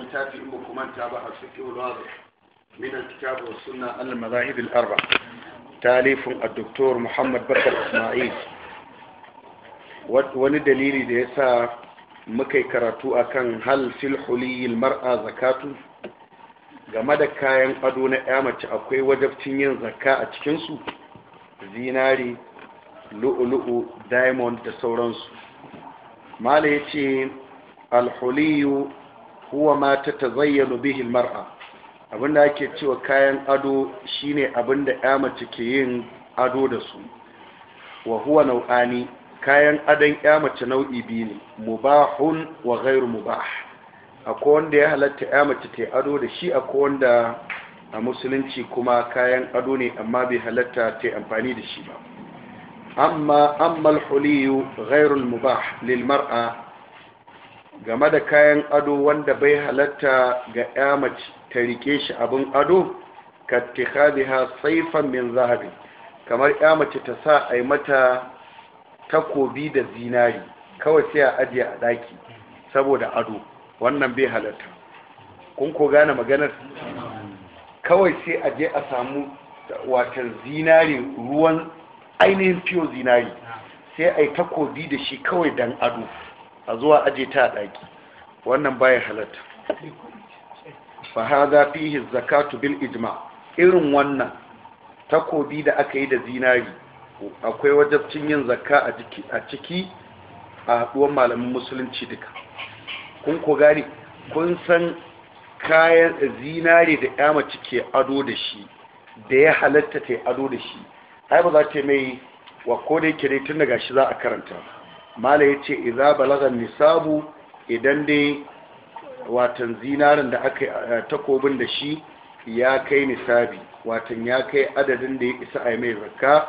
littafi in ku manta ba a fiƙi wadda min al-kitab wa sunna al-mazahib arba talifin ad-doktor Muhammad Bakar Ismail wani dalili da yasa muka yi karatu akan hal fil mar'a zakatu game da kayan ado na ya mace akwai wajabcin yin zakka a cikinsu zinari lu'ulu'u diamond da sauransu Malam ya ce alhuliyu huwa ma zayyano bihi mar'a abinda ake cewa kayan ado shine abinda ya mace ke yin ado da su wa huwa nau'ani kayan adon ya mace nau'i biyu ne mubahun wa ghairu mubah akwai wanda ya halatta ya mace ta ado da shi akwai wanda a musulunci kuma kayan ado ne amma bai halatta ta amfani da shi ba amma ammal huliyu ghairul mubah lil mar'a game da kayan ado wanda bai halatta ga ya ta rike shi abin ado ka ha saifan min zahabi kamar ya mace ta sa a mata takobi da zinari kawai sai a ajiye a daki saboda ado wannan bai halatta kun ko gane maganar kawai sai a je a samu watan zinari ruwan ainihin fiyo zinari sai a yi takobi da shi kawai dan ado a zuwa aje ta daki wannan baya halatta fa hada fihi zakatu bil ijma irin wannan takobi da aka yi da zinari akwai wajabcin yin zakka a jiki a ciki a haduwar malamin musulunci duka kun ko gari kun san kayan zinari da yama cike ado da shi da ya halatta ta ado da shi ai ba za ta mai wa ko da dai tun daga shi za a karanta ba mala ya ce iza balagan nisabu idan dai watan zinarin da aka eh, takobin da shi ya kai nisabi watan ya kai adadin da ya isa a mai zakka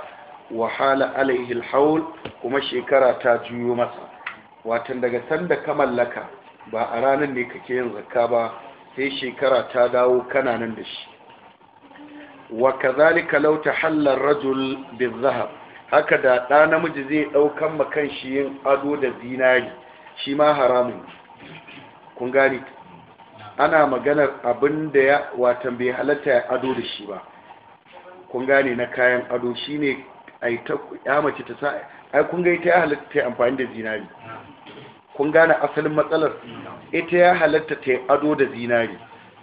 wahala alaihi Haul. kuma shekara ta juyo masa watan daga sanda ka mallaka ba a ranar ne kake yin zakka ba sai shekara ta dawo kananan da shi wa kazalika lauta hallar rajul bin zahab. haka da ɗa namiji zai ɗaukan makan shi yin ado da zinari shi ma haramun kun gani ana maganar abin da ya watan bai halatta ya ado da shi ba kun gani na kayan ado shi ne ta ya mace ta sa'a ai kun gani ta ya halatta ta amfani da zinari kun gane asalin matsalar ita ya halatta ta ado da zinari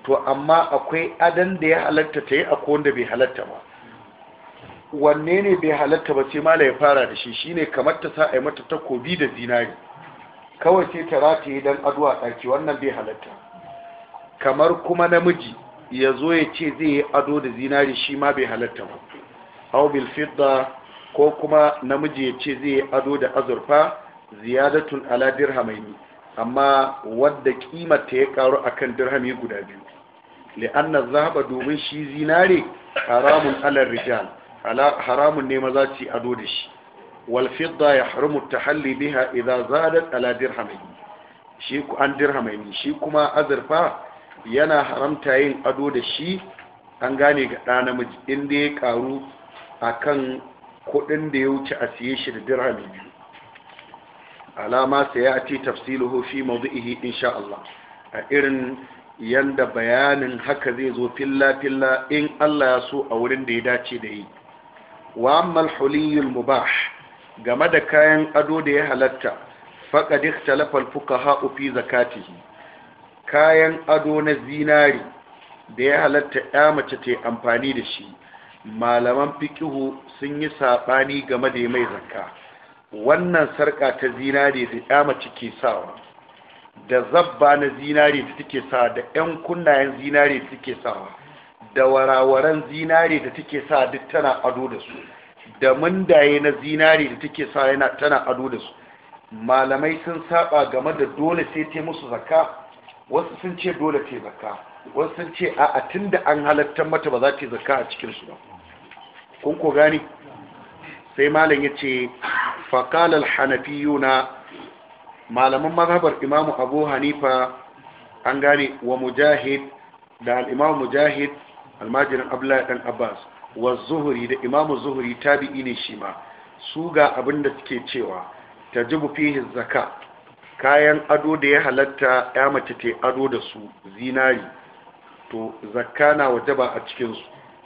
to amma akwai adan da ya halatta ta yi akwai wanda bai halatta ba wanne ne bai halatta ba sai mala ya fara da shi shine kamar ta sa a yi mata takobi da zinari kawai sai ta rataye dan ado a ɗaki wannan bai halatta kamar kuma namiji ya zo ya ce zai yi ado da zinari shi ma bai halatta ba hau bil fidda ko kuma namiji ya ce zai yi ado da azurfa ziyadatun ala dirhamaini amma wadda kimar ta ya karu akan dirhami guda biyu li'anna zahaba domin shi zinare haramun alar rijal haramun ne maza ci ado da shi wal fidda ya ta tahalli biha idza zadat ala dirhamaini shi ku an dirhamaini shi kuma azurfa yana haramta yin ado da shi an gane ga ɗa namiji inda ya karu kan kuɗin da ya wuce a siye shi da dirhami alama sai ya ci tafsiluhu fi mawdu'ihi insha Allah a irin yanda bayanin haka zai zo filla-filla in Allah ya so a wurin da ya dace da yi wa amma al-huliyul mubah game da kayan ado da ya halatta faqad ikhtalafa al-fuqaha fi zakatihi kayan ado na zinari da ya halatta ya mace ta amfani da shi malaman fiqihu sun yi sabani game da mai zakka wannan sarka ta zinari da ya mace ke sawa da zabba na zinari da take sawa da yan kunnayen zinari da take sawa da warawaran zinare da take sa duk tana ado da su da mundaye na zinare da take sa yana tana ado da su malamai sun saba game da dole sai ta musu zakka wasu sun ce dole ta zakka wasu sun ce a tun da an halattar mata ba za ta zakka a cikin su ba kun ko gani sai malam ya ce al hanafiyuna malaman mazhabar imamu abu hanifa an gane wa mujahid da al al-imamu mujahid almajirin abdullahi dan abbas wa zuhuri da imamu zuhuri tabi'i ne shi ma su ga abin da suke cewa ta jibu fihi zaka kayan ado da ya halatta ya mace ta ado da su zinari to zakka na wajaba a cikinsu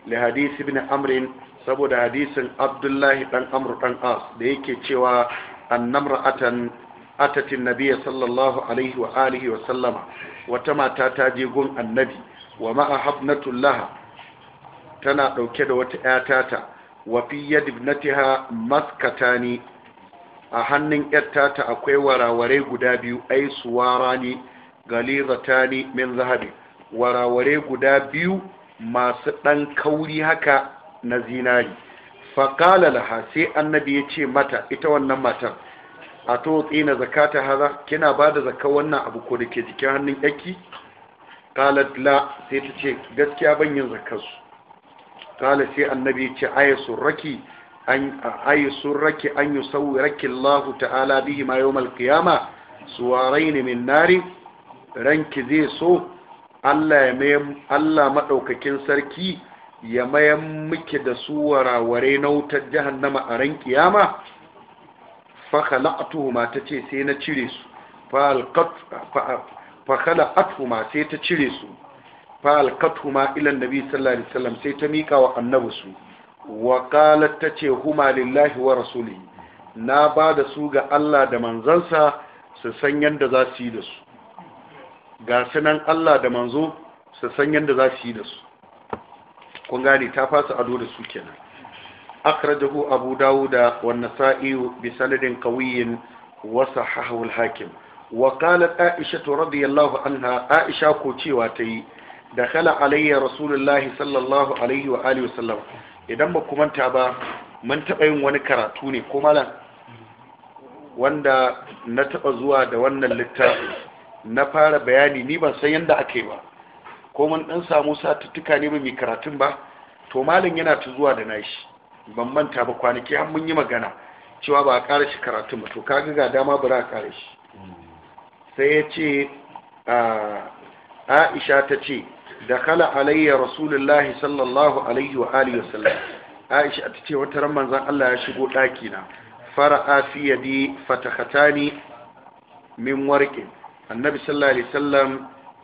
li hadisi ibn amrin saboda hadisin abdullahi dan amr dan as da yake cewa annamra'atan atatin nabiya sallallahu alaihi wa alihi wa sallama wata mata ta je gun annabi wa ma'a habnatullah tana ɗauke da wata ‘yatata wa fi yadda ibnatiha maskatani a hannun ta akwai warawarai guda biyu ai suwara ne galizata ne min zahabi warawarai guda biyu masu ɗan kauri haka na zinari faƙala laha sai annabi ya ce mata ita wannan matar a to tsina zakata haza kina ba da zaka wannan abu ko da ke jikin hannun yaki ƙalat la sai ta ce gaskiya ban yin zakarsu kala sai annabi ce ayasun raki an ayasun raki Allah ta'ala bihi ma yawmal su suwarain min nari ranki zai so Allah maɗaukakin sarki ya mayan miki da su warawarai na wutar jahannama a ran kiyama fa ta ce sai na cire su fa khala'tuhuma sai ta cire su fa alkatuhuma ila annabi sallallahu alaihi wasallam sai ta mika wa annabi su wa qalat ce huma lillahi wa rasulihi na ba da su ga Allah da manzansa su san yanda za su yi da su ga sanan Allah da manzo su san yanda za su yi da su kun gane ta fasa ado da su kenan akhrajahu abu dawuda wa nasa'i bi sanadin qawiyyin wa sahahahu al-hakim wa qalat aisha radiyallahu anha aisha ko cewa ta yi da khala alayya rasulullahi sallallahu alaihi wa alihi wasallam idan ba ku manta ba mun taɓa yin wani karatu ne ko malam wanda na taɓa zuwa da wannan littafi na fara bayani ni ban san yadda aka ba ko mun ɗan samu satuttuka ne ba mai karatun ba to malam yana ta zuwa da nashi ban manta ba kwanaki har mun yi magana cewa ba a ƙara shi karatun ba to kaga ga dama ba za a ƙara shi mm. sai ya ce ah, aisha ta ce dakhala alayya rasulullahi sallallahu alayhi wa alihi wasallam aisha ta ce wata ran manzon Allah ya shigo daki na fara'a fi yadi fatakhatani min warqi annabi sallallahu alayhi wasallam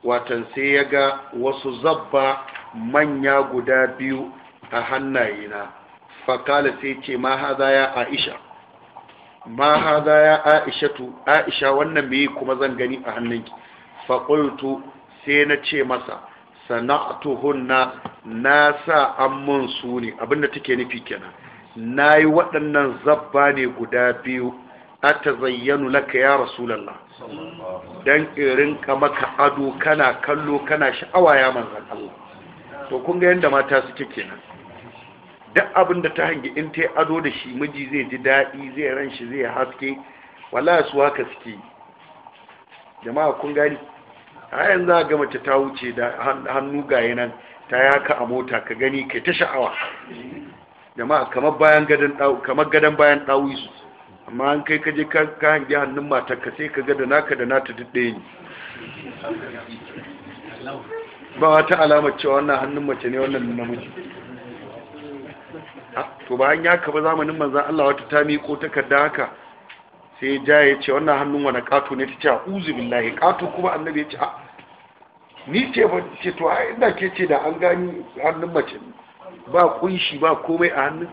watan sai ya ga wasu zabba manya guda biyu a hannaye na sai ce ma ya aisha aisha wannan me kuma zan gani a hannanki fa sai na ce masa sana'atuhunna na sa an mun su ne abinda take nufi kenan nayi yi waɗannan zabba ne guda biyu a ta laka ya rasulallah don irin ka maka ado kana kallo kana sha'awa ya manzan Allah to kun ga yadda mata suke kenan duk abin da ta hangi in ta ado da shi miji zai ji daɗi zai ran shi zai haske wala su haka suke jama'a kun gani a yanzu a ga mace ta wuce da hannu gaye nan ta yaka a mota ka gani kai ta sha'awa jama'a kamar bayan gadon dawo kamar bayan dawo su amma an kai ka je ka hangi hannun mata ka sai ka ga da naka da nata duk ɗaya ne ba wata alamar cewa wannan hannun mace ne wannan namiji to bayan ya kaba zamanin manzan Allah wata ta miƙo takarda haka sai ja ya ce wannan hannun wani kato ne ta ce a billahi kato kuma annabi ya ce a ni ce ba ce to a inda ke ce da an gani hannun mace ba kunshi ba komai a hannun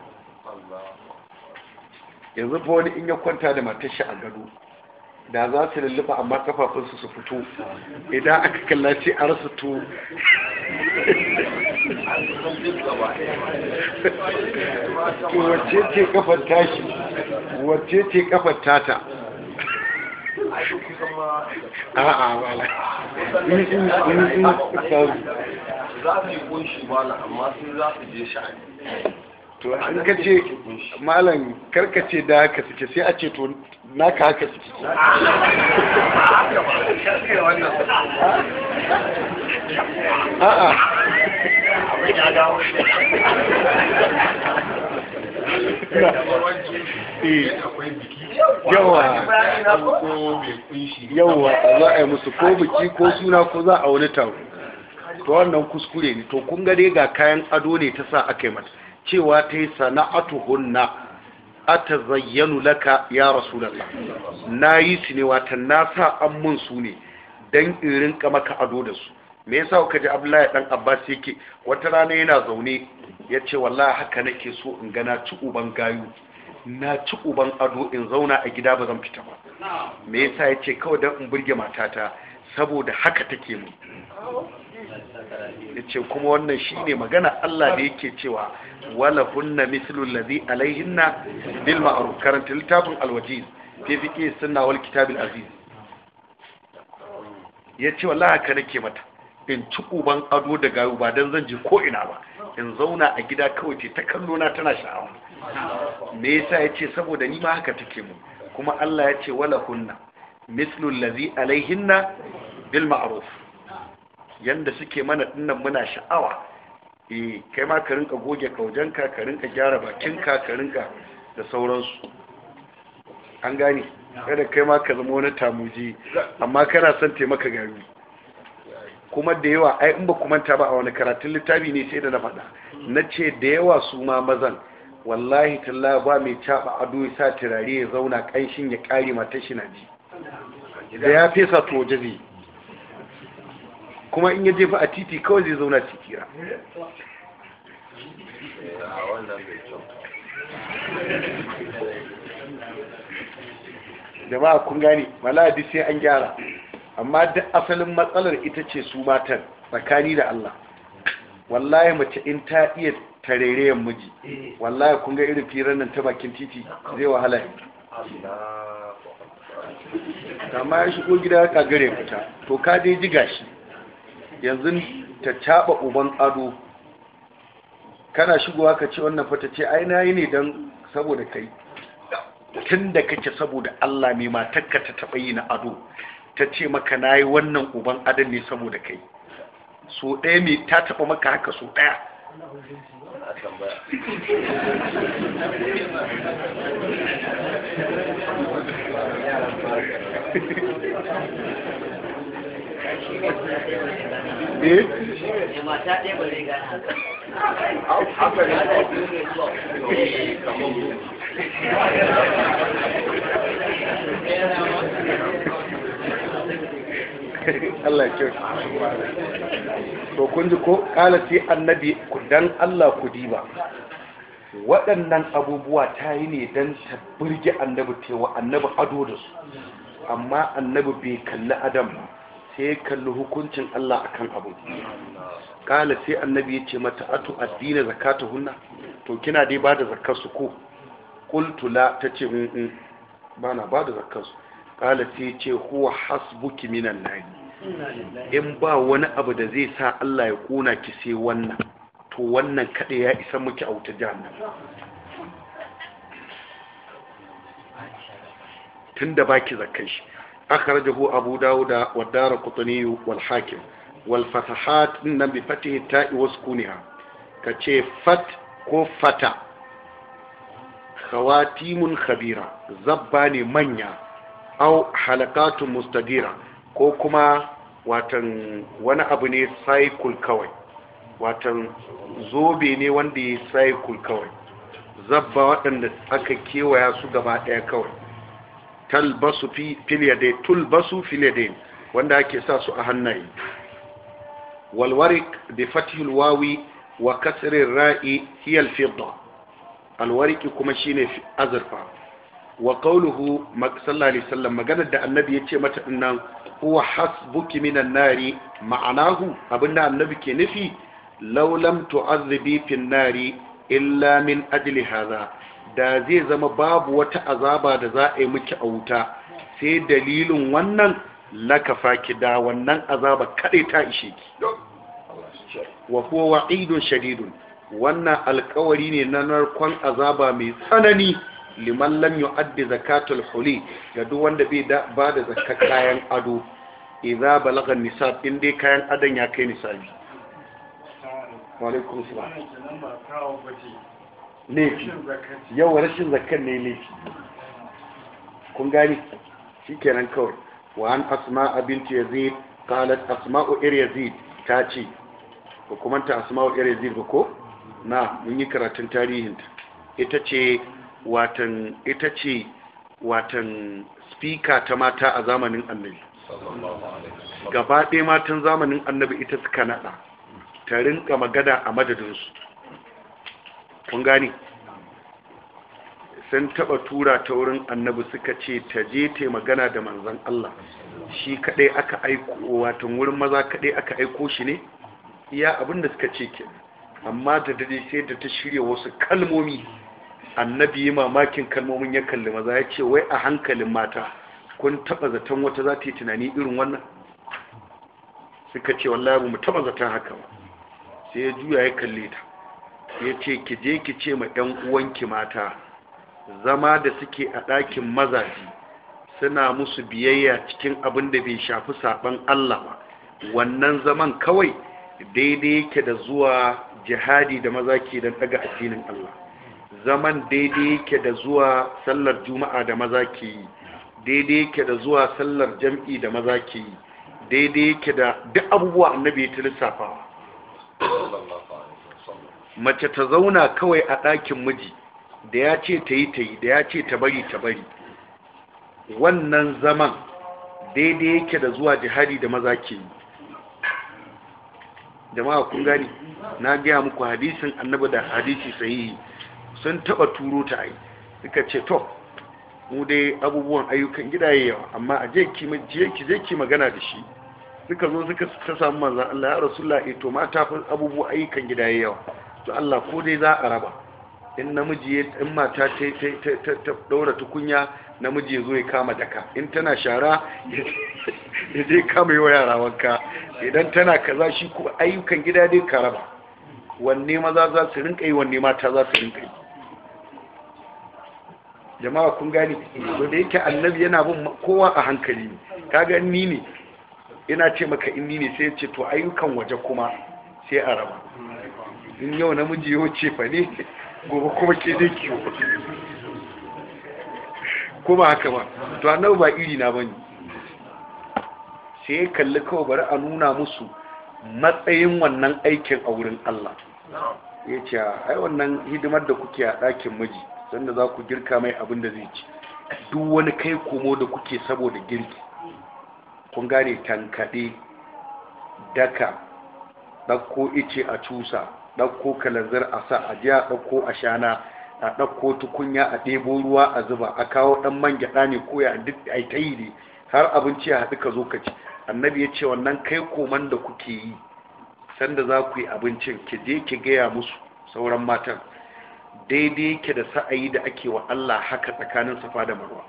yanzu fa wani in ya kwanta da matar shi a gado da za su lullufa amma kafafunsu su fito idan aka kalla ce an rasa to wacce ce kafar tashi wacce ce kafar tata a'a wala mm, mm, mm, za su yi kunshi mala amma sai za su je sha'ani to an ka ce malam karkace da haka suke sai a ce to naka haka su ciki eh. yawa za a yi musu ko biki ko suna ko za a wani taro to wannan kuskure ne to kun ga ga kayan ado ne ta sa aka yi mata cewa ta yi sana'atu hunna atazayyanu laka ya rasulullah na yi su ne watan na sa an mun su ne dan in rinka maka ado da su me yasa kuka ji abdullahi dan abbas yake wata rana yana zaune ya ce wallahi haka nake so in ga na ci uban gayu na ci uban ado in zauna a gida ba zan fita ba me yasa ya ce kawai dan in burge matata saboda haka take mu ya ce kuma wannan shi ne magana Allah da yake cewa wala hunna mislul ladhi alaihinna bil ma'ruf karanta littafin alwajiz fi fiqi sunna wal kitab aziz ya ce wallahi haka nake mata in ci uban ado da gayu ba dan zan je ko ina ba in zauna a gida kawai ce ta kallo na tana sha'awa me yasa yace saboda ni ma haka take mu kuma Allah yace ce wala hunna mislul ladhi alaihinna bil ma'ruf yanda suke mana dinnan muna sha'awa eh kai ma ka rinka goge kaujanka ka rinka gyara bakinka ka rinka da sauransu an gane kada kai ma ka zama wani tamuji amma kana son taimaka gari kuma da yawa ai in ba ku manta ba a wani karatun littafi ne sai da na faɗa na ce da yawa su ma mazan wallahi talla ba mai caba ado ya sa turare ya zauna kanshin ya kare mata shi na ji da ya fesa to waje kuma in ya jefa a titi kawai zai zauna cikira jama'a kun gani maladi sai an gyara amma duk asalin matsalar ita ce su matan tsakani da Allah wallahi mace in ta iya tarerayen miji wallahi kun ga irin firan nan ta bakin titi zai wahala Kama ya shigo gida ka gare fita to ka je jiga shi yanzu ta caba uban ado kana shigowa ka ce wannan fata ce ai na yi ne don saboda kai tun da kake saboda Allah ne takka ta taba yi na ado ta ce maka na yi wannan uban adon ne saboda kai so ɗaya ne ta taɓa maka haka so ɗaya Thank you. Allah ce to kun ji ko kala sai annabi ku dan Allah ku ba, waɗannan abubuwa ta yi ne don ta burge annabi tewa annabi ado da su amma annabi bai kalli adam ba sai ya kalli hukuncin Allah akan abu kala sai annabi ya ce mata atu addina zakata hunna to kina dai ba da ko qultu ta tace in mm, mm, ba na ba da zakar kala sai ya ce huwa hasbuki minan yi? in ba wani abu da zai sa Allah ya kona ki sai wannan to wannan kada ya isa miki a wuta jahannam tunda baki zakar shi أخرجه أبو داود والدار القطني والحاكم والفتحات إن بفتح التاء وسكونها كتشي فت كو فتا خواتيم خبيرة زبان منيا أو حلقات مستديرة كوكما kuma watan wani abu ne cycle kawai watan zobe ne wanda ya cycle kawai zabba waɗanda aka kewaya su gaba ɗaya kawai talbasu fil tulbasu wanda ake sa su a hannaye Walwarik da bi wawi wa kasr ra'i hiya al al warik kuma shine azurfa wa kauluhu sallallahu alaihi maganar da annabi ce mata dinnan huwa hasbuki minan nari ma'anahu abinda annabi ke nufi laulam tu'azzibi fin nari illa min ajli hadha da zai zama babu wata azaba da za a yi miki a wuta sai dalilin wannan lakafa ki da wannan azaba kaɗai ta ishe ki wa huwa wa'idun shadidun wannan alkawari ne na narkon azaba mai tsanani liman lam yu'addi zakatul huli ga duk wanda bai ba da zakat kayan ado idza balagha nisab in dai kayan adon ya kai nisabi wa alaikum assalam laifi yawa rashin zakar ne laifi kun gani shi shikenan kawai wa an asma abinci yazid asma asma'u ya zai ta ce hukumanta asma o'ir asma'u zai ba ko na mun yi karatun tarihinta ita ce watan ita ce watan spika ta mata a zamanin annabi gaba ɗaya matan zamanin annabi ita suka naɗa ta rinka magana a madadinsu kun gani sun taba tura ta wurin annabi suka ce ta je ta magana da manzan Allah shi kadai aka aiko watan wurin maza kadai aka aiko shi ne iya abin da suka ce ke amma da dade sai da ta shirya wasu kalmomi annabi yi mamakin kalmomin ya kalli maza ya ce wai a hankalin mata kun taba zaton wata za ta yi tunani irin wannan suka ce wallahi mu taba zaton haka ba sai ya juya ya kalle ta ya ce ki je ki ce ma 'yan uwanki mata zama da suke a ɗakin mazaji suna musu biyayya cikin abin da bai shafi saɓon Allah ba wannan zaman kawai daidai yake da zuwa jihadi da maza ke don ɗaga addinin Allah zaman daidai yake da zuwa sallar juma'a da maza ke yi daidai yake da zuwa sallar jam'i da maza ke yi daidai yake da duk abubuwa annabi ya ta mace ta zauna kawai a ɗakin miji da ya ce ta yi ta yi da ya ce ta bari ta bari wannan zaman daidai yake da zuwa jihari da maza ke yi jama'a kun gani na gaya muku hadisin annabi da hadisi sahihi sun taba turo ta yi suka ce to mu dai abubuwan ayyukan gidaye yawa amma a je ki ki je ki magana da shi suka zo suka ta samu manzan Allah ya rasulullah eh to mata fa abubuwan ayyukan gidaye yawa to Allah ko dai za a raba in namiji ya in mata ta ta ta daura tukunya namiji ya zo ya kama daka in tana shara ya je kama yi wa yara wanka idan tana kaza shi ko ayyukan gida dai ka raba wanne maza za su rinka yi wanne mata za su rinka yi jama'a kun gani to da yake annabi yana bin kowa a hankali ne kaga ni ne ina ce maka in ni ne sai ya ce to ayyukan waje kuma sai a raba in yau namiji yau ce fa ne gobe kuma ke dai kiwo kuma haka ba to annabi ba iri na bane sai kalli kawai bari a nuna musu matsayin wannan aikin a wurin Allah ya ce ai wannan hidimar da kuke a ɗakin miji sanda za ku girka mai abin da zai ci duk wani kai komo da kuke saboda girki kun gane tankaɗe daka ɗakko ice a cusa ɗauko kalanzir a sa a jiya a ɗauko a shana a ɗauko tukunya a ɗebo ruwa a zuba a kawo ɗan man gyaɗa ne ko ya duk a ta yi ne har abinci ya haɗu ka zo ka ci annabi ya ce wannan kai koman da kuke yi sanda za ku yi abincin ki je ki gaya musu sauran matan daidai ke da sa'ayi da ake wa Allah haka tsakanin safa da marwa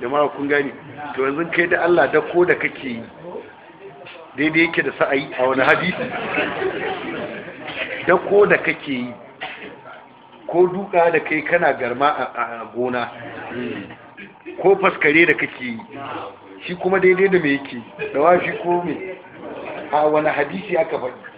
jama'a kun gani to yanzu kai da Allah da ko da kake yi daidai yake da sa'ayi a wani hadisi da ko da kake yi ko duka da kai kana garma a gona ko faskare da kake yi shi kuma daidai da me yake da wafi ko me a wani hadisi aka faɗi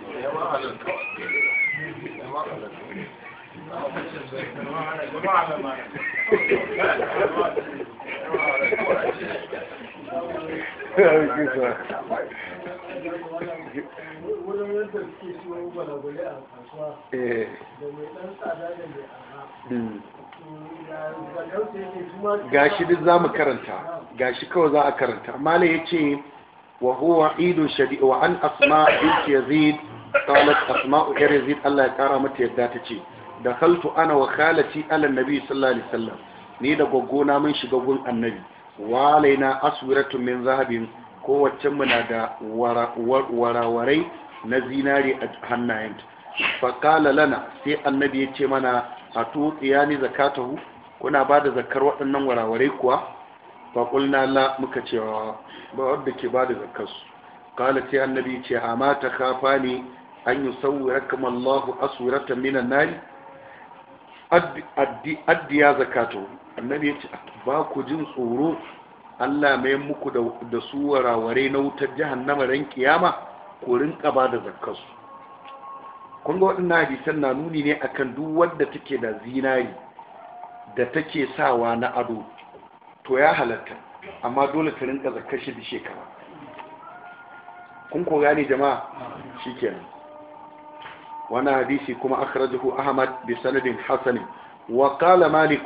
Eh. gashi duk za mu karanta gashi kawai za a karanta malam ya ce wa huwa idun shadi wa an asma bint yazid qalat asma yar yazid Allah ya kara mata yadda ta ce da haltu ana wa khalati ala nabi sallallahu alaihi wasallam ni da gwaggona mun shiga gun annabi walaina aswiratun min zahabin kowaccen muna da warawarai na zinari a hannayen faƙala lana sai annabi ya ce mana a ya ni zakatahu kuna ba da zakar waɗannan warawarai kuwa faƙulna la muka cewa ba wadda ke ba da zakarsu ƙala sai annabi ya ce amma ta kafa ne an yi sauwira kamar allahu asuratan minan nari addiya zakatahu annabi ya ce ba ku jin tsoro Allah mai muku da su warware na wutar jahannama ran kiyama ko rinka ba da zakkansu kun ga waɗannan hadisan na nuni ne akan duk wadda take da zinari da take sawa na ado to ya halatta amma dole ka rinka zakkar shi shekara kun ko gane jama'a shikenan wani hadisi kuma akhrajahu ahmad bi sanadin hasan wa qala malik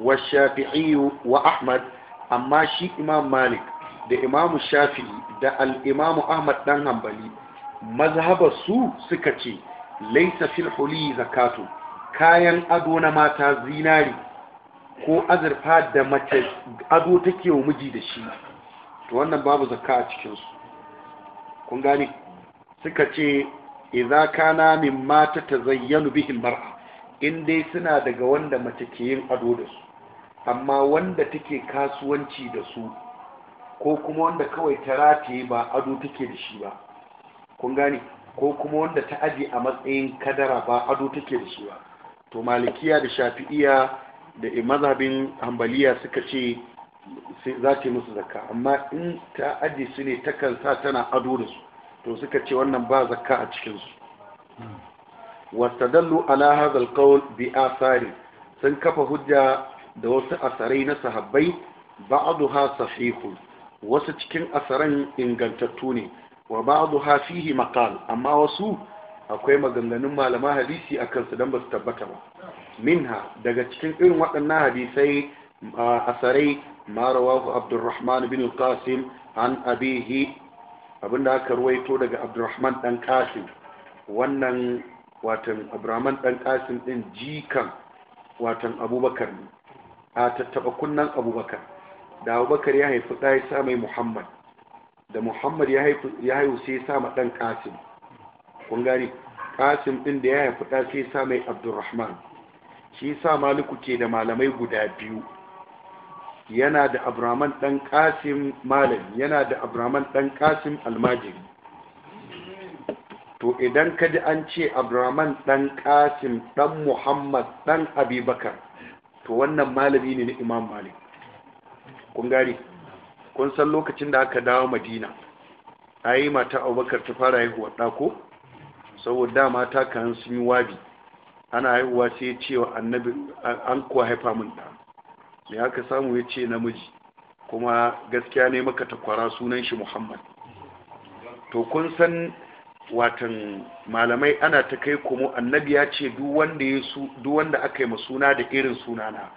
wa shafi'i wa ahmad amma shi imam malik da imam shafi'i da al'imamu ahmad ɗan hambali mazhabar su suka ce laisa filhuli zakatu kayan ado na mata zinari ko azurfa da mace ado take wa miji da shi to wannan babu zakka a cikinsu kun gani suka ce idza kana mimma ta zayyanu almar'a in dai suna daga wanda mace ke yin ado da su amma wanda take kasuwanci da su ko kuma wanda kawai ta rataye ba ado take da shi ba kun gane ko kuma wanda ta aje a matsayin kadara ba ado take da shi ba to malikiya da shafi'iya da mazhabin hambaliya suka ce za ta musu zakka amma in ta aje su ne ta sa tana ado da su to suka ce wannan ba zakka a cikinsu hmm. wastadallu ala hadha alqawl bi athari sun kafa hujja da wasu asarai na sahabbai ba'duha sahihu wasu cikin asaran ingantattu ne wa ba'duha fihi makal amma wasu akwai maganganun malama hadisi a kansu don ba su tabbata ba minha daga cikin irin waɗannan hadisai asarai ma abdurrahman bin qasim an abihi abinda aka ruwaito daga abdurrahman dan qasim wannan watan abdurrahman dan qasim din jikan watan abubakar a tattaba kunnan abubakar da abubakar ya haifi ɗa ya sa mai muhammad da muhammad ya haihu sai ya sa ma ɗan kasim kun gari kasim ɗin da ya haifi ɗa sai ya sa mai abdurrahman shi sa maliku ke da malamai guda biyu yana da abraman ɗan kasim malam yana da abraman ɗan kasim almajiri to idan ka ji an ce abraman ɗan kasim ɗan muhammad ɗan abubakar to wannan malami ne na imam malik kun gari kun san lokacin da aka dawo madina a yi mata abubakar ta fara haihuwa ɗako saboda mata kan sun yi wabi ana haihuwa sai ya ce annabi an kuwa haifa mun ɗa me aka samu ya ce namiji kuma gaskiya ne maka takwara sunan shi muhammad to kun san watan malamai ana ta kai komo annabi ya ce duk wanda aka yi suna da irin sunana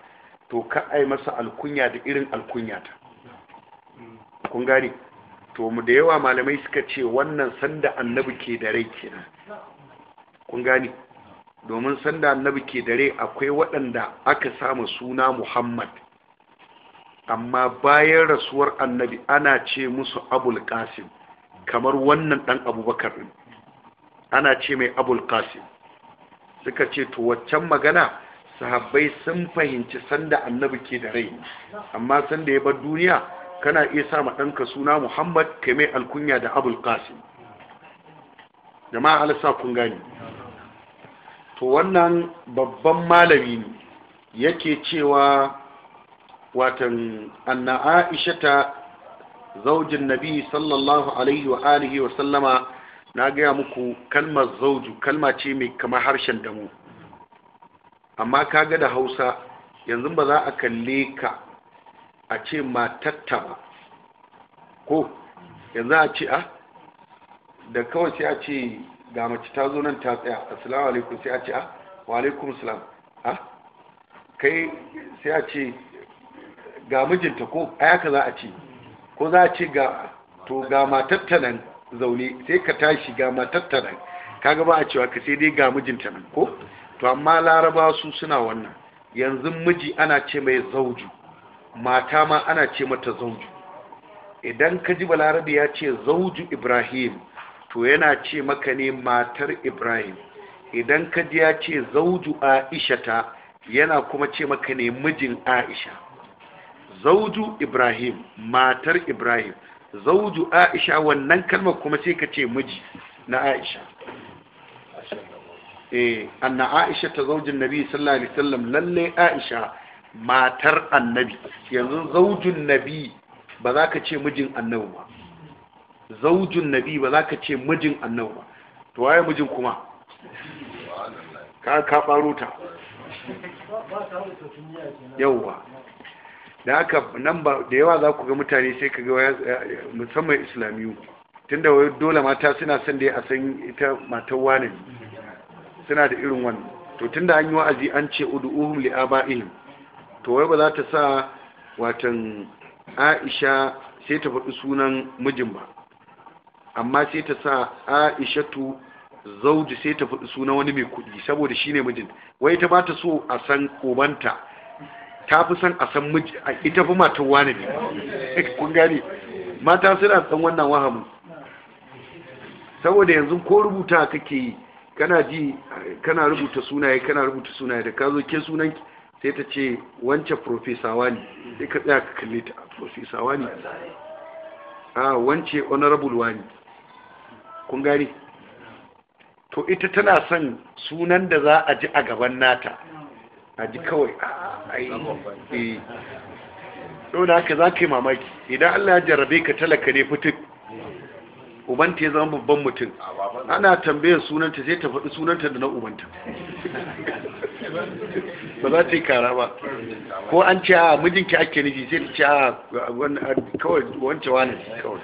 to ka ai masa alkunya da irin alkunyata kun gani to mu da yawa malamai suka ce wannan sanda annabi ke da rai kenan kun gani domin sanda annabi ke da rai akwai waɗanda aka samu suna muhammad amma bayan rasuwar annabi ana ce musu abul kasim kamar wannan ɗan abubakar ɗin ana ce mai abul qasim suka ce to waccan magana sahabbai sun fahimci sanda annabi ke da rai amma sanda ya bar duniya kana iya sa ma ɗanka suna muhammad kai mai alkunya da abul qasim jama'a alasa kun gani to wannan babban malami ne yake cewa watan anna aisha ta zaujin nabi sallallahu alaihi wa alihi wa sallama na gaya muku kalmar zauju kalma ce mai kamar harshen damu amma kaga da hausa yanzu ba za a kalle ka a ce matatta ba ko yanzu a ce a ah, da kawai sai a ce ga mace ta zo nan ta tsaya assalamu alaikum sai a ce a ah, wa alaikum salam a ah, kai sai a ce ga mijinta ko a yaka za a ce ko za a ce ga to ga matatta nan zaune sai ka tashi ga matattaran kaga ba a cewa ka sai dai ga mijinta nan ko to amma laraba su suna wannan yanzu miji ana ce mai zauju mata ma ana ce mata zauju idan ka ji balarabe ya ce zauju ibrahim to yana ce maka ne matar ibrahim idan ka ji ya ce zauju aisha ta yana kuma ce maka ne mijin aisha zauju ibrahim matar ibrahim zauju aisha wannan kalmar kuma sai ka ce miji na aisha eh anna aisha ta zaujin nabi sallallahu alaihi wasallam lalle aisha matar annabi yanzu zaujin nabi ba za ka ce mijin annabi ba zaujin nabi ba za ka ce mijin annabi ba to waye mijin kuma ka ka faruta ta yauwa da aka nan ba da yawa za ku ga mutane sai ka ga musamman islamiyu tunda wai dole mata suna son da ya san ita matar wane suna da irin wannan to tunda an yi wa'azi an ce li'a li aba'ihim to wai ba za ta sa watan Aisha sai ta faɗi sunan mijin ba amma sai ta sa Aishatu zauji sai ta faɗi sunan wani mai kuɗi saboda shine mijin wai ta ba ta so a san ubanta ta fi son a san miji a ita fi matar wani ne kun gane mata suna san wannan wahamu saboda yanzu ko rubuta kake yi kana ji kana rubuta sunaye kana rubuta sunaye da ka zo ke sunan sai ta ce wancan profesa wani sai ka tsaya ka kalle ta profesa wani a ah, wance honorable wani kun gane to ita tana son sunan da za a ji a gaban nata a ji kawai a yi ɗona ka za ka yi mamaki idan allah ya ka talaka ne fitik ubanta ya zama babban mutum ana tambayar sunanta sai ta faɗi sunanta da na ubanta ba za ta yi kara ba ko an ce a mijinki ake niji sai ta ce a kawai wance wane kawai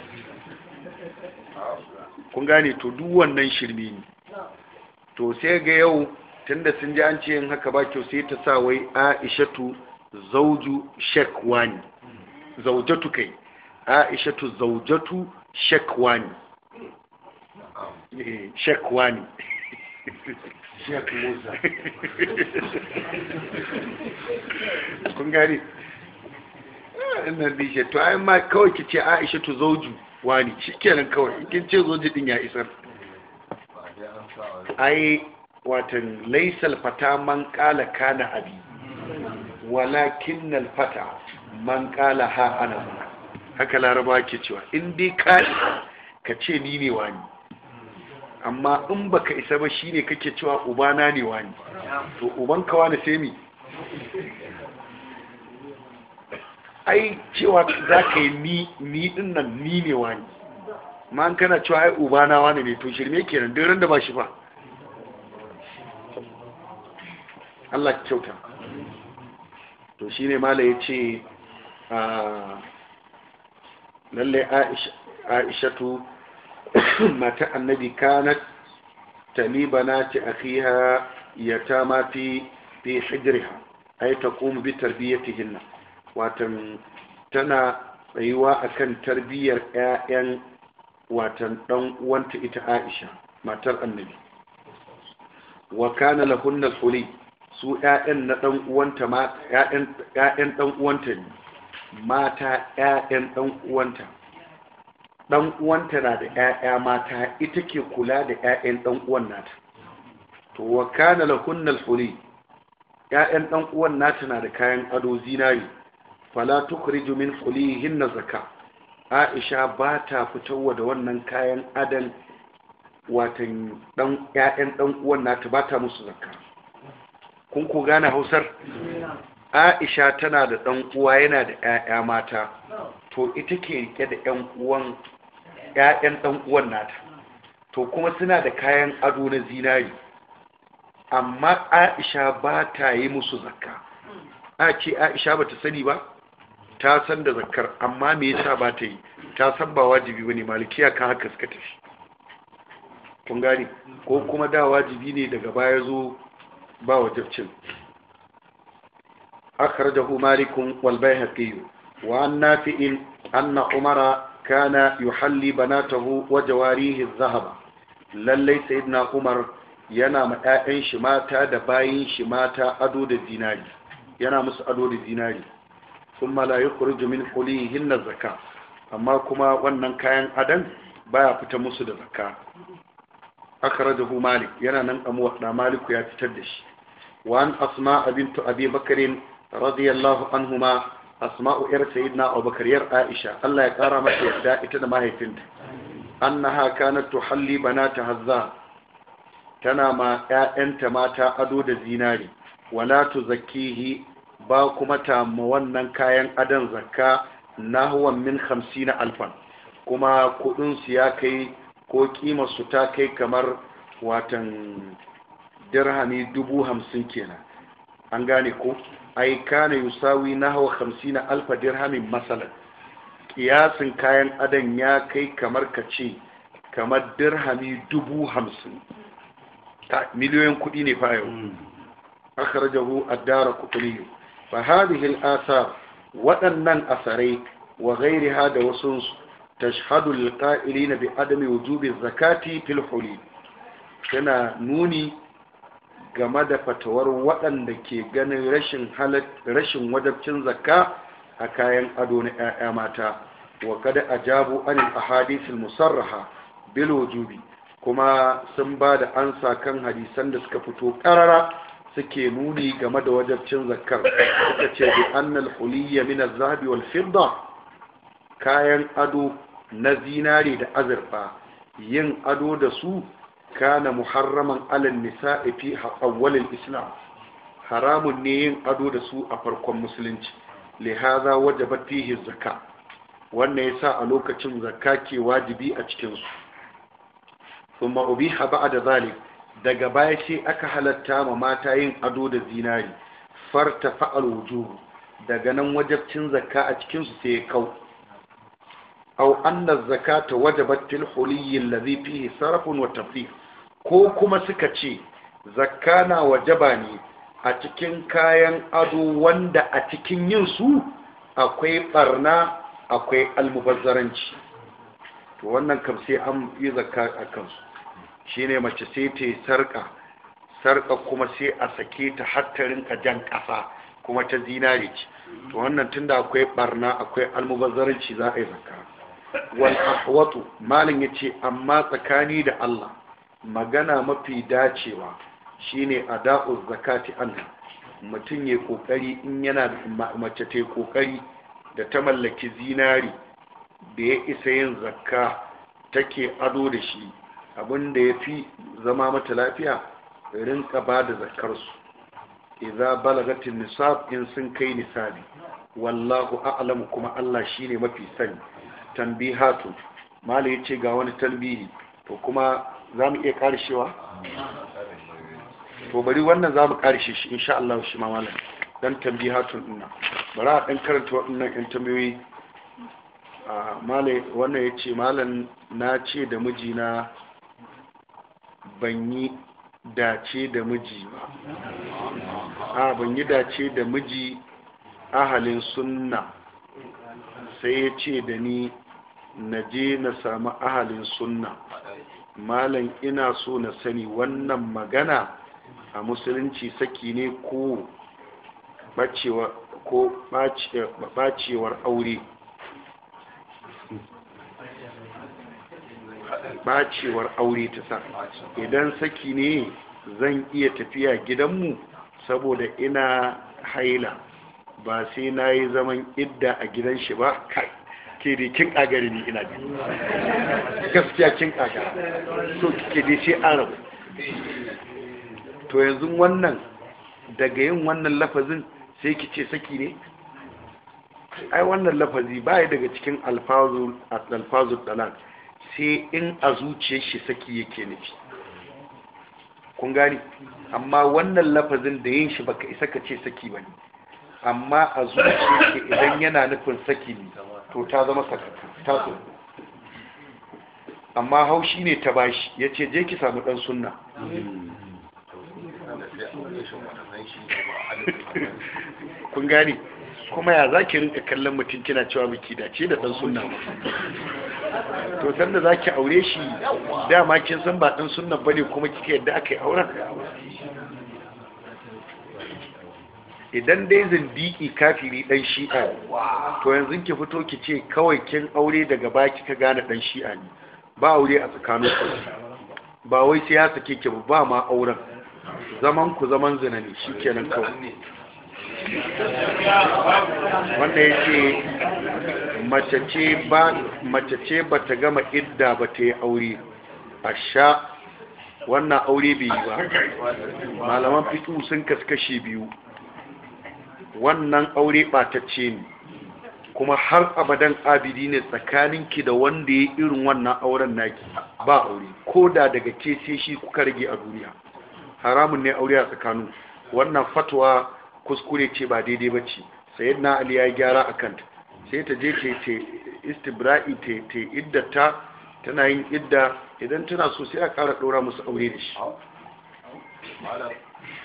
kun gane to duk wannan shirme ne to sai ga yau tunda sun ji an ce yin haka ba kyau sai ta sa wai aishatu zauju shekwani zaujatu kai aishatu zaujatu shekwani eh, shekwani kun gani nan dishe to ai ma kawai ki ce aisha tu zauju wani shi kenan kawai kin ce zauji din ya isar ai watan laisal fata man kala kana abi walakin alfata man kala ha ana haka laraba ke cewa in dai ka ka ce ni ne wani amma in baka isa ba shine kake cewa ubana ne wani to uban ka wani sai mi ai cewa za ka yi ni ni dinnan ni ne wani ma an kana cewa ai ubana wani ne to shirme kenan duk randa da ba shi ba Allah kyauta to shine mala yace a ah, lalle aishatu mata annabi kanat ya ta mafi fi fi yi ta taqumu bi tarbiyatihinna watan tana tsayuwa akan tarbiyyar 'ya'yan watan dan uwanta ita Aisha matar annabi wa kana lahunna huli su ƴaƴan na ɗan uwanta ma ƴaƴan ɗan uwanta ne mata ƴaƴan ɗan uwanta ɗan uwanta na da ƴaƴa mata ita ke kula da ƴaƴan ɗan uwan nata to wa kana lahunnal huri ƴaƴan ɗan uwan nata na da kayan ado zinari fala tukhriju min na zaka. Aisha ba ta fitowa da wannan kayan adan watan ɗan ƴaƴan ɗan uwan nata ba ta musu zakka kun ku gane hausar aisha tana da ɗan uwa yana da 'ya'ya mata to ita ke rike da 'yan uwan 'ya'yan ɗan uwan nata to kuma suna da kayan ado na zinari amma aisha ba ta yi musu zakka a ce aisha ba ta sani ba ta san da zakkar amma me yasa ba ta yi ta san ba wajibi bane malikiya kan haka suka tafi kun gane ko kuma da wajibi ne daga baya zo ba wajibcin akhrajahu malik wal bayhaqi wa an nafi'in umara kana yuhalli banatahu wa jawarihi zahaba? Lallai sai na umar yana ma 'ya'yan shi mata da bayin shi mata ado da yana musu ado da dinari thumma la yukhruju min hulihinna zakka amma kuma wannan kayan adan baya fita musu da zaka akhrajahu malik yana nan a muwadda Malik ya fitar da shi wa an asma bintu abi bakarin radiyallahu anhuma asma'u yar sayyidina abubakar yar aisha Allah ya kara mata yadda ita da mahaifinta annaha kanat tuhalli banata hazza tana ma ƴaƴanta mata ado da zinari wala tuzakkihi ba kuma ta ma wannan kayan adon zakka nahwan min 50 alfan kuma kudin su ya kai ko su ta kai kamar watan dirhami dubu hamsin kenan an gane ko ai kana yusawi na hawa hamsin na alfa dirhamin masalan kiyasin kayan adan ya kai kamar ka ce kamar dirhami dubu hamsin miliyoyin kuɗi ne fa yau hmm. akhrajahu a dara qutni ba hadhihi asar waɗannan asarai wa ha da wasu tashhadu lilqa'ilina bi adami wujubi zakati fil huli, tana nuni game da fatawar waɗanda ke ganin rashin rashin wadabcin zakka a kayan ado na 'ya'ya mata wa kada ajabu anil ahadithil musarraha bil wujubi kuma sun ba da ansa kan hadisan da suka fito karara suke nuni game da wajabcin zakkar suka ce bi annal huliyya min az-zahabi wal fidda kayan ado na zinari da azurfa yin ado da su kana muharraman alal nisa'i fi awwalil islam haramun ne yin ado da su a farkon musulunci lihaza wajaba fihi zakka wannan yasa a lokacin zakka ke wajibi a cikin su Haba'a ubiha ba'da zalik daga baya ce aka halatta ma mata yin ado da zinari farta fa'al wujuhu daga nan wajabcin zakka a cikin su sai ya kau aw anna zakata wajabat fil huliyyi alladhi fihi sarfun wa ko kuma suka ce zakka na wajaba ne a cikin kayan ado wanda a cikin yin su akwai barna akwai almubazzaranci to wannan kam sai an yi zakka a kansu shine mace sai ta yi sarka sarka kuma sai a sake ta hattarin ka jan kasa kuma ta zinare ci. to wannan tunda akwai barna akwai almubazzaranci za a yi zakka wato, ahwatu ya ce, amma tsakani da Allah magana mafi dacewa shine a ada'u zakati allah mutum ya kokari in yana mace ta kokari da ta mallaki zinari da ya isa yin zakka take ado da shi abinda ya fi zama mata lafiya rinka ba da zakarsu idza balagatin nisab in sun kai nisabi wallahu a'lamu kuma Allah shine mafi sani tambihatu malam ya ce ga wani talbihi to kuma za mu iya karshewa to bari wannan za mu karshe shi insha Allah shi ma malam dan tambihatun dinna bari a dan karanta waɗannan yan tambayoyi wannan ya ce malam na ce da mijina ban yi dace da miji ba a ban yi dace da miji ahalin sunna sai ya ce da ni na je na samu ahalin sunna malam ina so na sani wannan magana a musulunci saki ne ko bacewar aure bacewar aure ta sa idan saki ne zan iya tafiya gidanmu saboda ina haila ba sai na yi zaman idda a gidan shi ba kai ke dai kin kagare ni ina biyu gaskiya kin kagare so ke dai sai an to yanzu wannan daga yin wannan lafazin sai ki ce saki ne ai wannan lafazi ya daga cikin alfazul dalal sai in a zuciyar shi saki yake nufi kun gani amma wannan lafazin da yin shi baka isa ka ce saki bane amma a zuci ke idan yana nufin saki to ta zama sakatu ta so amma haushi ne ta bashi ya ce je ki samu dan sunna kun gani kuma ya za ki rinka kallon mutum kina cewa biki dace da dan sunna to san da za ki aure shi dama kin san ba dan sunna bane kuma kika yadda aka yi auren idan dai zindiki kafiri dan shi'a to yanzu ki fito ki ce kawai kin aure daga baki ka gane dan shi'a ne ba aure a tsakanin ku ba wai sai ya sake ki ba ma auren zaman ku zaman zina ne shikenan kawai wanda ya ce mace ce ba ta gama idda ba ta yi aure a sha wannan aure bai yi ba malaman fitu sun kaskashe biyu wannan aure ɓatacce ne kuma har abadan abidi ne ki da wanda ya irin wannan auren naki ba aure ko da daga ke sai shi kuka rage a duniya haramun ne aure a tsakanin wannan fatwa kuskure ce ba daidai ba ce sai na ali ya gyara a kanta sai ta je ta istibra'i ta ta iddata tana yin idda idan tana so sai a kara ɗora musu aure da shi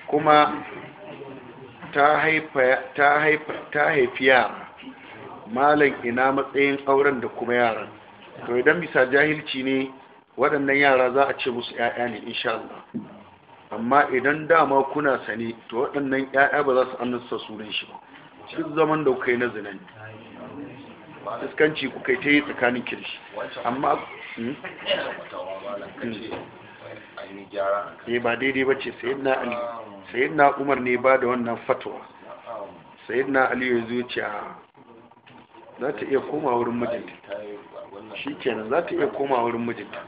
kuma ta haifi yara malam ina matsayin auren da kuma yaran to idan bisa jahilci ne waɗannan yara za a ce musu 'ya'ya ne insha Allah amma idan dama kuna Sani, to waɗannan 'ya'ya ba za su annasta sunan shi ba cikin zaman da kuka yi na zinan fuskanci kuka yi ta yi tsakanin kirshi amma hmm? Hmm. ne eh, ba daidai ba ce ali na umar ne ba da wannan fatwa sayyidina ali ya zo ce a ah, za ta iya koma wurin mijinta shikenan za ta iya koma wurin mijinta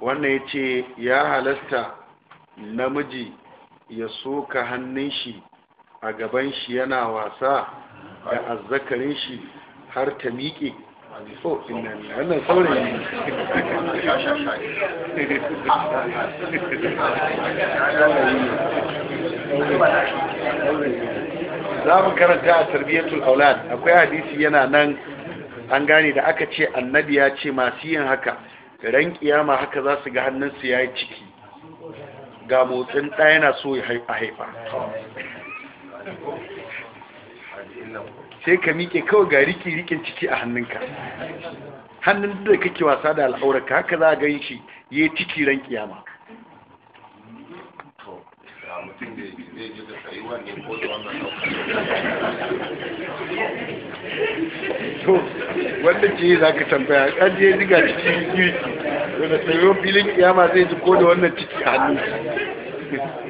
wannan ya ce ya halasta namiji ya soka hannun shi a gaban shi yana wasa da azzakarin shi har ta miƙe tsofin za mu karanta a tarbiyyatul aulad akwai hadisi yana nan an gane da aka ce annabi ya ce masu yin haka ran kiyama haka za su ga hannunsu ya yi ciki ga motsin ɗaya na so ya haifa sai ka miƙe kawai ga riki rikin ciki a hannunka hannun da kake wasa da ka haka za a gan shi ya ciki ran kiyama to wanda ke za ka tambaya an je diga cikin girki wanda sayo filin kiyama zai ji ko da wannan ciki a hannunka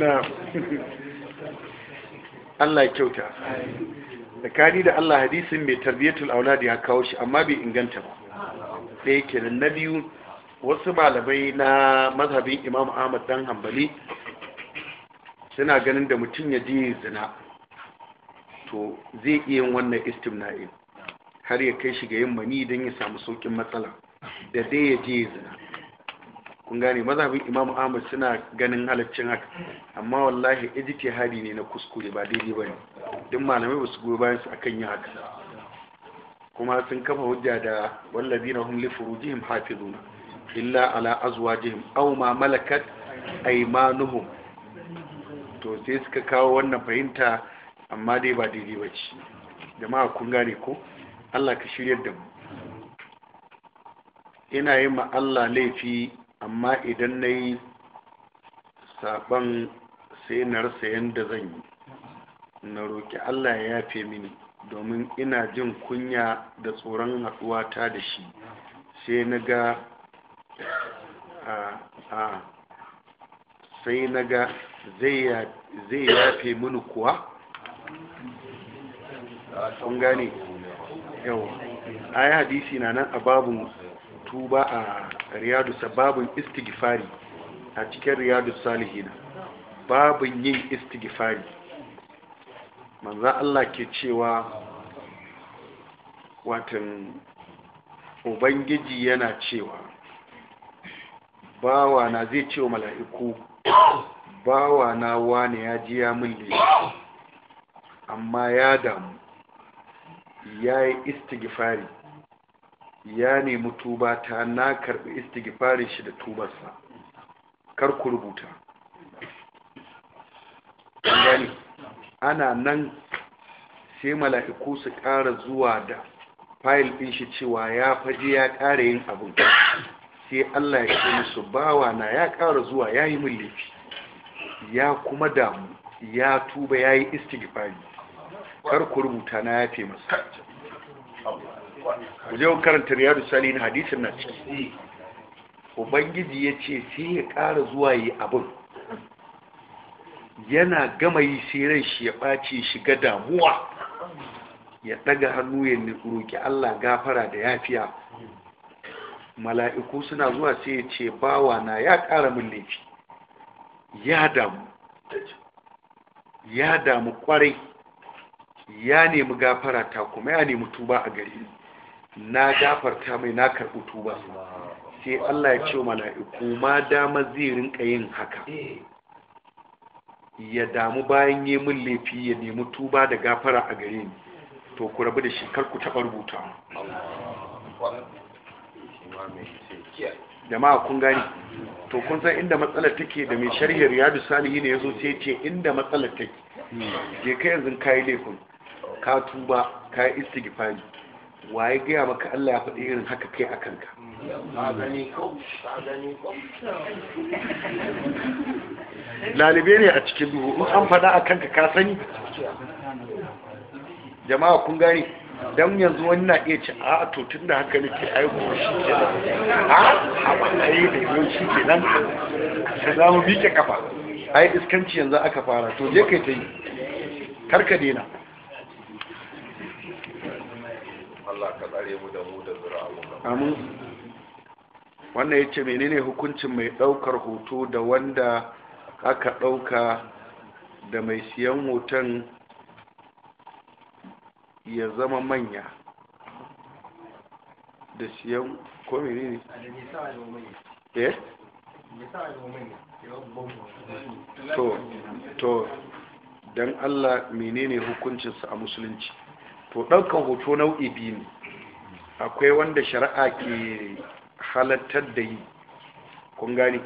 na Allah kyauta tsakani da Allah hadisin mai tarbiyatul auladi ya kawo shi amma bai inganta ba ɗaya kenan na biyu wasu malamai na mazhabin imam ahmad dan hambali suna ganin da mutum ya je zina to zai iya yin wannan istimna'in har ya kai shi ga yin mani don ya samu saukin matsala da dai ya je zina kun gane mazhabin imam ahmad suna ganin halaccin haka amma wallahi hari ne na kuskure ba daidai bane duk malamai ba su goyi bayan su akan yi haka kuma sun kafa hujja da wallazina hum li furujihim hafizuna illa ala azwajihim aw ma malakat aymanuhum to sai suka kawo wannan fahimta amma dai ba daidai ba ce jama'a kun gane ko Allah ka shiryar da mu ina yin ma Allah laifi amma idan na yi saban sai na rasa yadda zan yi na roƙi allah ya yafe mini domin ina jin kunya da tsoron haɗuwa ta da shi sai na ga a sai na ga zai yafe mini kuwa a gane yau ayi hadisi na nan a babu tuba a riyadu sababin istighfari a cikin riyadu salihina babin yin istighfari manzan Allah ke cewa watan ubangiji yana cewa bawa na zai cewa mala'iku bawa na wane ya ji ya min amma ya damu ya yi istighfari ya nemi tuba ta na karbi istighfarin shi da tubarsa kar ku rubuta gani ana nan sai mala'iku su ƙara zuwa da fayil ɗin shi cewa ya faje ya ƙara yin abin sai Allah ya ce musu bawa na ya ƙara zuwa ya yi min laifi ya kuma damu ya tuba ya yi istighfari kar ku rubuta na ya fi masa ku je karanta riyadu salihin hadisin nan ciki ubangiji ya ce sai ya ƙara zuwa yi abin yana gama yi sai shi ya ɓace shiga damuwa ya ɗaga hannu ya roƙi allah gafara da yafiya mala'iku suna zuwa sai ya ce bawa na ya ƙara min laifi ya damu ya damu kwarai ya nemi gafara ta kuma ya nemi tuba a gari na gafarta mai na karɓi tuba sai Allah ya ce wa mala'iku ma dama zai rinka yin haka ya damu bayan yi min laifi ya nemi tuba da gafara a gare ni to ku rabu da shi ku taɓa rubuta jama'a kun gani to kun san inda matsalar take da mai sharhi riyadu Sani ne zo sai ce inda matsalar take je kai yanzu yi laifin ka tuba ka istigifani waye gaya maka Allah ya faɗi irin haka kai a kanka lalibe ne a cikin duhu in an faɗa a kanka ka sani jama'a kun gane don yanzu wani na iya ci a to tun da haka nake aiko shi ke nan a yi da yau shi ke nan ka za mu bi kafa ai iskanci yanzu aka fara to je kai ta yi karka dena Allah ka tsare mu da mu da zura'u amin wannan ya ce menene hukuncin mai ɗaukar hoto da wanda aka ɗauka da mai siyan hoton ya zama manya da siyan ko menene eh to to don Allah menene hukuncinsa a musulunci to ɗaukan hoto nau'i biyu ne akwai wanda shari'a ke halattar da yi kun gani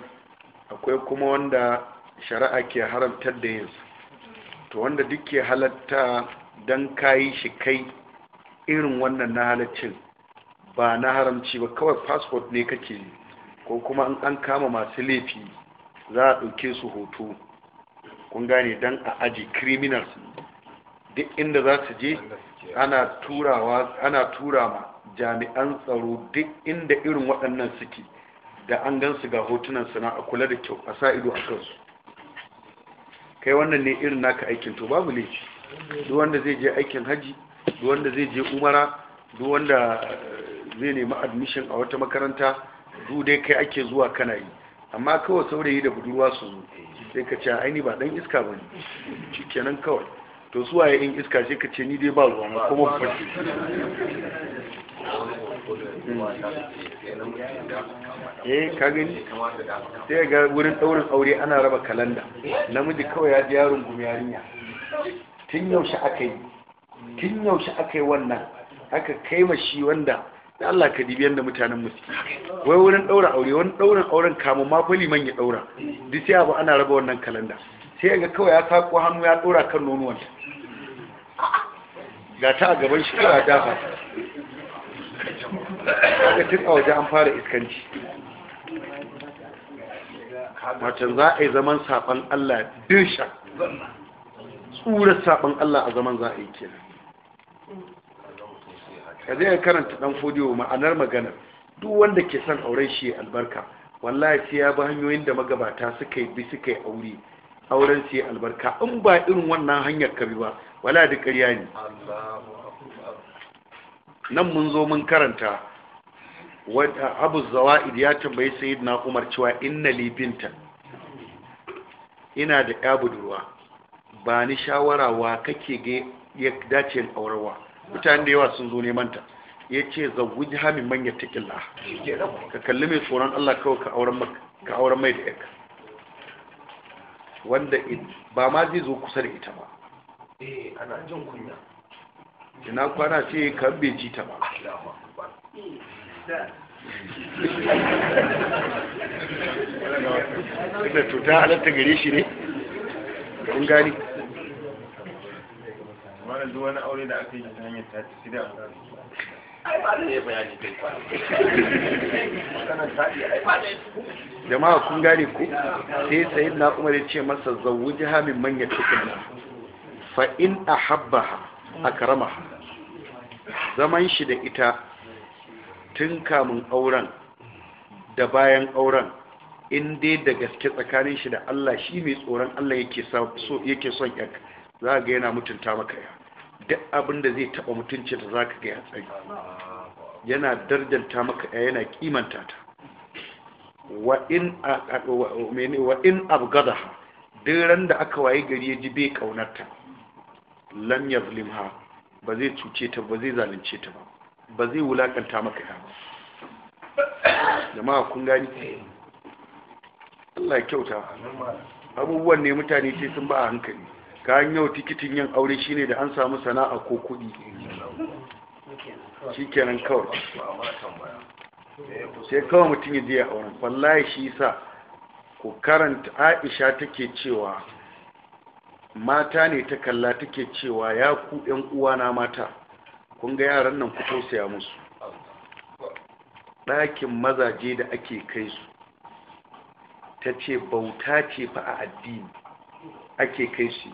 akwai kuma wanda shari'a ke haramtar da yinsa to wanda duk ke halatta don kayi shi kai irin wannan na halaccin ba na haramci ba kawai fasfot ne kake ko kuma in an kama masu laifi za a ɗauke su hoto kun gane don a aji criminals duk inda za su je ana turawa ana tura ma jami'an tsaro duk inda irin waɗannan suke da an gansu ga hotunan suna a kula da kyau a sa ido a kansu kai wannan ne irin naka aikin to babu laifi duk wanda zai je aikin haji duk wanda zai je umara duk wanda eh, zai nemi admission a wata makaranta duk dai kai ake zuwa kana yi amma kawai saurayi da budurwa su zo sai ka ce aini ba dan iska bane shikenan kawai to su waye in iska shi ka ce ni dai ba ruwa kuma ba shi eh ka gani sai ga wurin daurin aure ana raba kalanda namiji kawai ya ji yaron gumi yarinya tun yaushe aka yi tun yaushe aka yi wannan aka kai ma shi wanda da Allah ka dibi da mutanen mu wai wurin daura aure wani daurin auren kamu ma fa liman ya daura duk sai abu ana raba wannan kalanda sai ga kawai ya sako hannu ya daura kan nonuwanta ga ta a gaban shi kawai dafa ga tun a waje an fara iskanci wacce za a yi zaman saɓan Allah dirsha tsurar saɓan Allah a zaman za a yi kira ka zai karanta ɗan fodiyo ma'anar magana duk wanda ke son auren shi albarka wallahi sai ya bi hanyoyin da magabata suka yi bi suka yi aure auren sai albarka in ba irin wannan hanyar ka bi ba wala da ƙarya ne nan mun zo mun karanta wadda abu zawa'id ya tambayi na umar cewa inna libinta ina da ya budurwa ba ni shawara wa kake ga ya dace aurarwa mutane da yawa sun zo neman ya ce zawuji hamin manya taƙilla ka kalli mai tsoron allah kawai ka auren mai da yaka wanda ba ma zai zo kusa da ita ba eh ana jin kunya ina kwana ce ka bai ji ta ba da tuta halatta gare shi ne kun gani duk wani aure da aka yi ta hanyar ta ci da jama'a kun gane ko sai na umar ya ce masa zawuji hamin manyan cikin fa in a karama zaman shi da ita tun kamun auren da bayan auren in dai da gaske tsakanin shi da Allah shi mai tsoron Allah yake so son ya za ga yana mutunta maka ya duk abin zai taba mutunci da ka ga ya tsari yana darjanta maka ya yana kimanta ta wa in wa duk ran da aka waye gari ya ji bai kaunarta lam yazlimha ba zai cuce ta ba zai zalunce ta ba ba zai wulakanta maka ba jama'a kun gani Allah ya kyauta abubuwan ne mutane sai sun ba a hankali kayan yau tikitin yin aure shine da an samu sana'a ko kuɗi shikenan kawai sai kawai mutum ya je a auren wallahi shi sa ko karanta Aisha take cewa mata ne ta kalla take cewa ya ku yan na mata kun ga yaran nan ku tausaya musu ɗakin mazaje da ake kai su ta ce bauta ce fa a addini ake kai shi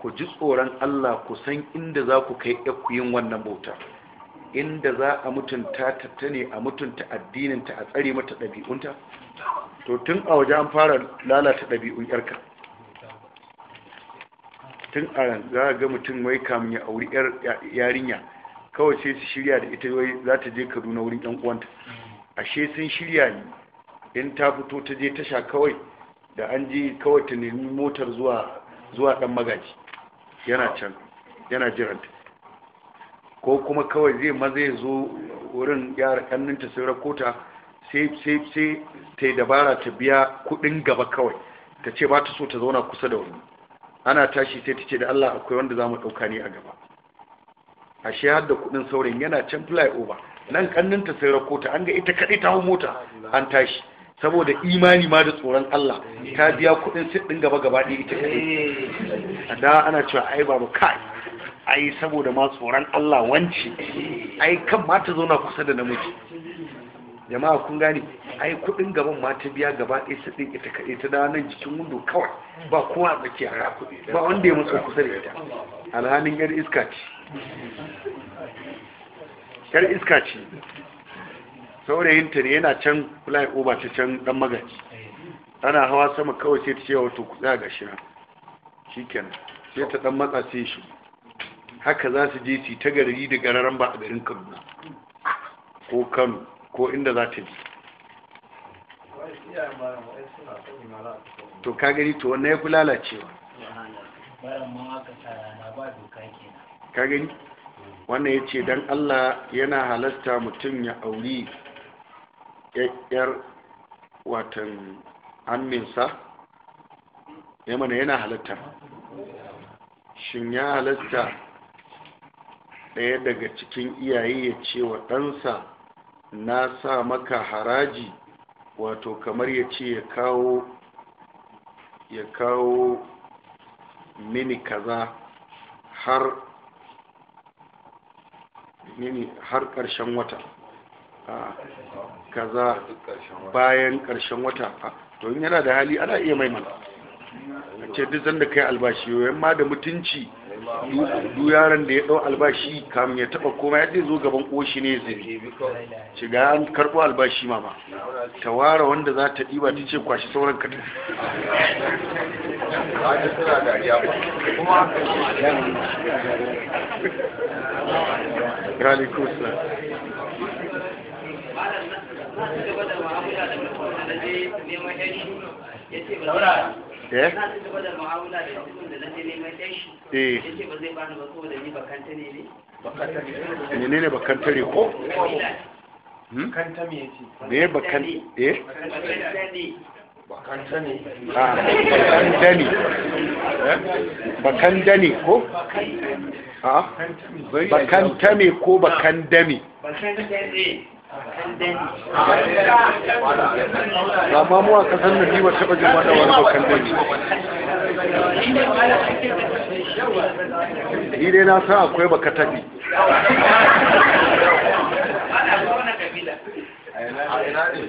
ku ji tsoron Allah ku san inda za ku kai ku yin wannan bauta inda za a mutunta ta ne a mutunta addininta a tsare mata ɗabi'unta to tun a waje an fara lalata ɗabi'un yarka tun a za a ga mutum wai kamun ya auri yarinya kawai sai su shirya da ita wai za ta je kaduna wurin yan uwanta ashe sun shirya ne in ta fito ta je tasha kawai da an je kawai ta nemi motar zuwa zuwa dan magaji yana can yana jiranta ko kuma kawai zai maza ya zo wurin yara kanninta sai rakota sai sai sai ta dabara ta biya kudin gaba kawai ta ce ba ta so ta zauna kusa da wani ana tashi sai ta ce da Allah akwai wanda za mu ɗauka ne a gaba ashe har da kuɗin saurin yana can fly-over, nan ta sai rakota an ga ita kaɗai ta hau mota an tashi saboda imani ma da tsoron Allah ta biya kuɗin sit ɗin gaba gaba ɗaya ita kaɗai a da ana cewa ai babu kai ai saboda ma tsoron Allah wance ai kan ma ta zauna kusa da namiji jama'a kun gane ai kudin gaban ma ta biya gaba ɗaya su ɗin ita kaɗai ta dawo nan jikin wundo kawai ba kowa a tsakiya ra. ba wanda ya matsa kusa da ita alhanin yar iska ce yar iska ce saurayinta ne yana can fly over ta can dan magaji ana hawa sama kawai sai ta ce wato ku tsaya ga shi shikenan sai ta dan matsa sai shi haka za su je su ta gari da gararan ba a garin Kaduna ko Kano ko inda za ta ji to ka gani to wannan ya fi lalacewa ka gani wannan ya ce don allah yana halatta mutum ya auri yar watan amminsa ya mana yana halatta shin ya halatta ɗaya daga cikin iyaye ya ce wa ɗansa na sa maka haraji wato kamar ya ce ya kawo ya kawo mini kaza har mini har ƙarshen wata kaza bayan ƙarshen wata to in yana da hali ana iya maimana a ce duk zan da kai albashi yoyon ma da mutunci duk yaron da ya ɗau albashi kam ya taba koma ya zo gaban koshi ne zai shiga an karɓo albashi mama ta ware wanda za ta ɗiba ta ce kwashi sauran ka eh na ci gaba da da mutum da nake neman eh. ba zai bani ba saboda ni ne ne ne bakantare ko hmm? bakanta me yace eh? ah, eh? ko ah? ko ba ma mu a kasar na biwa taɓa jin wata wani bakan dani ni dai na san akwai baka tafi a ina ne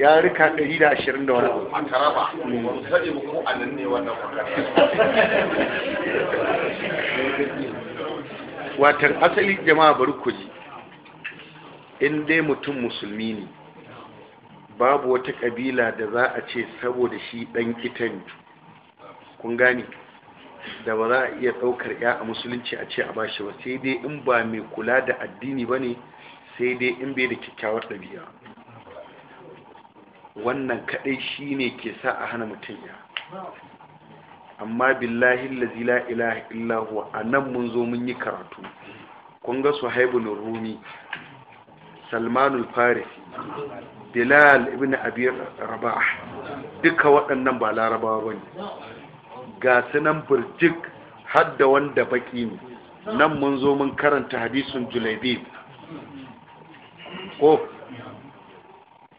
ya rika 120 da wani abu a taraba ko watan asali jama'a bari ku ji in dai mutum musulmi ne babu wata kabila da za a ce saboda shi dan ita kun gane da ba za a iya ɗaukar ya a musulunci a ce a bashi ba sai dai in ba mai kula da addini ba ne sai dai in bai da kyakkyawar ɗabi'a wannan kadai ne ke sa a hana mutum ya amma billahi allazi la ilaha illa a anan mun zo mun yi karatu kun ga suhaibul rumi salmanul faris bilal ibn abi rabah duka waɗannan ba larabawa bane ga sunan burjik hadda wanda baƙi ne nan mun zo mun karanta hadisin julaibib ko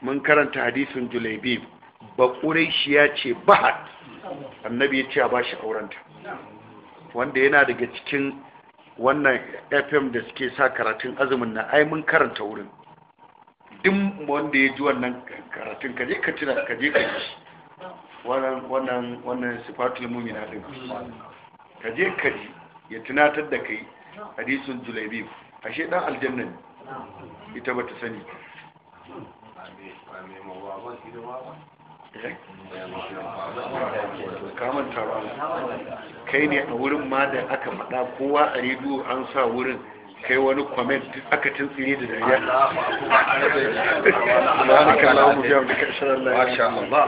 mun karanta hadisin julaibi ba shi ya ce bahad annabi ya ce a bashi aurenta wanda yana daga cikin wannan fm da suke sa karatun azumin na ai mun karanta wurin duk wanda ya ji wannan karatun kaje ka tuna kaje ka ji wannan wannan wannan sifatul mu'mina din kaje ka ji ya tunatar da kai hadisin julaibi. ashe dan aljanna ne ita ta sani kai ne a wurin ma da aka faɗa kowa a rediyo an sa wurin kai wani comment aka da dariya na biya da Allah